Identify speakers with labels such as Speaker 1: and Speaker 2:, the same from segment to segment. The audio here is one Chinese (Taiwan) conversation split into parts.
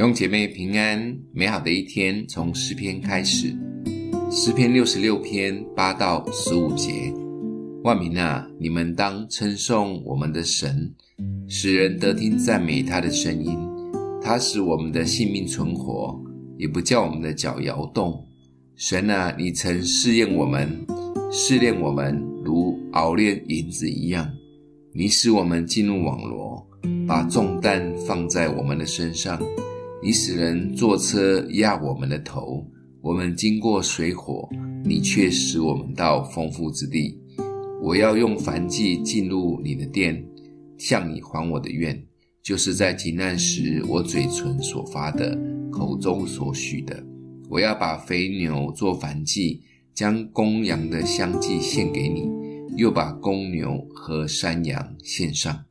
Speaker 1: 弟兄姐妹平安，美好的一天從詩篇開始。詩篇六十六篇八到十五節，萬民啊，你們當稱頌我們的神，使人得聽讚美他的聲音。他使我們的性命存活，也不叫我們的腳搖動。神啊，你曾試驗我們，試煉我們如熬煉銀子一樣。你使我們進入網羅，把重擔放在我們的身上。你使人坐車壓我們的頭，我們經過水火，你卻使我們到豐富之地。我要用燔祭進入你的殿，向你還我的願，就是在急難時我嘴唇所發的，口中所許的。我要把肥牛做燔祭，將公羊的香祭獻給你，又把公牛和山羊獻上。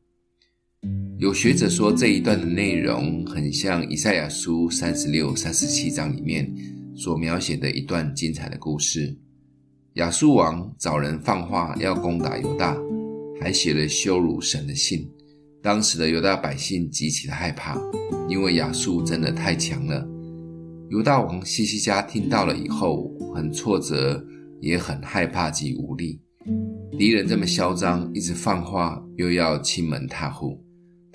Speaker 1: 有學者說，這一段的內容很像以賽亞書三十六、三十七章裡面所描寫的一段精彩的故事。亞述王找人放話要攻打猶大，還寫了羞辱神的信。當時的猶大百姓極其的害怕，因為亞述真的太強了。猶大王希西家聽到了以後，很挫折，也很害怕及無力。敵人這麼囂張，一直放話，又要侵門踏戶。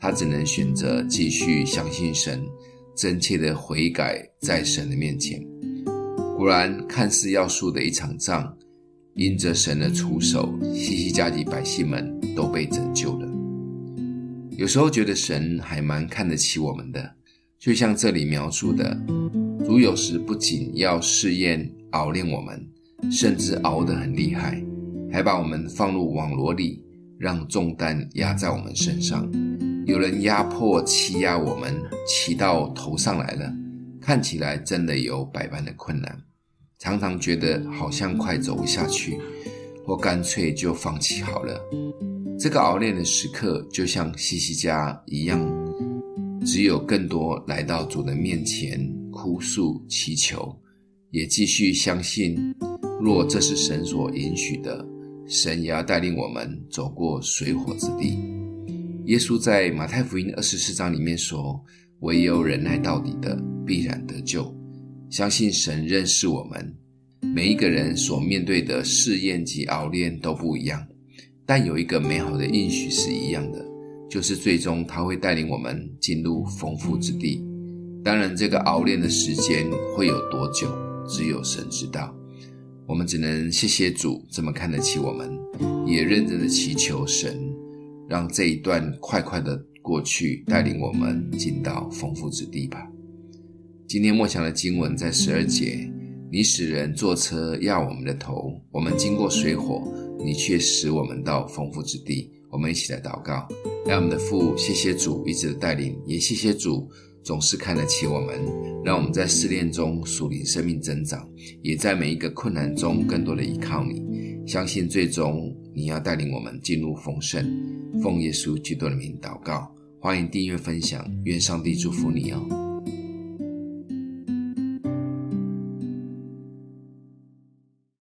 Speaker 1: 他只能選擇繼續相信神，真切的悔改在神的面前。果然，看似要輸的一場仗，因着神的出手，希西家的百姓們都被拯救了。有時候覺得神還蠻看得起我們的，就像這裡描述的，主有時不僅要試驗熬煉我們，甚至熬得很厲害，還把我們放入網羅裡，讓重擔壓在我們身上。有人壓迫欺壓我們，騎到頭上來了，看起來真的有百般的困難，常常覺得好像快走不下去，或乾脆就放棄好了。這個熬煉的時刻，就像希西家一樣，只有更多來到主的面前哭訴祈求，也繼續相信，若這是神所允許的，神也要帶領我們走過水火之地。耶穌在馬太福音二十四章裡面說：“唯有忍耐到底的，必然得救。”相信神認識我們，每一個人所面對的試驗及熬煉都不一樣，但有一個美好的應許是一樣的，就是最終他會帶領我們進入豐富之地。當然，這個熬煉的時間會有多久，只有神知道。我們只能謝謝主這麼看得起我們，也認真的祈求神。讓這一段快快的過去，帶領我們進到豐富之地吧。今天默想的經文在十二節：你使人坐車軋我們的頭，我們經過水火，你卻使我們到豐富之地。我們一起來禱告，愛我們的父，謝謝主一直的帶領，也謝謝主總是看得起我們，讓我們在試煉中屬靈生命增長，也在每一個困難中更多的依靠你。相信最終你要帶領我們進入豐盛。奉耶穌基督的名禱告，歡迎訂閱分享，願上帝祝福你哦。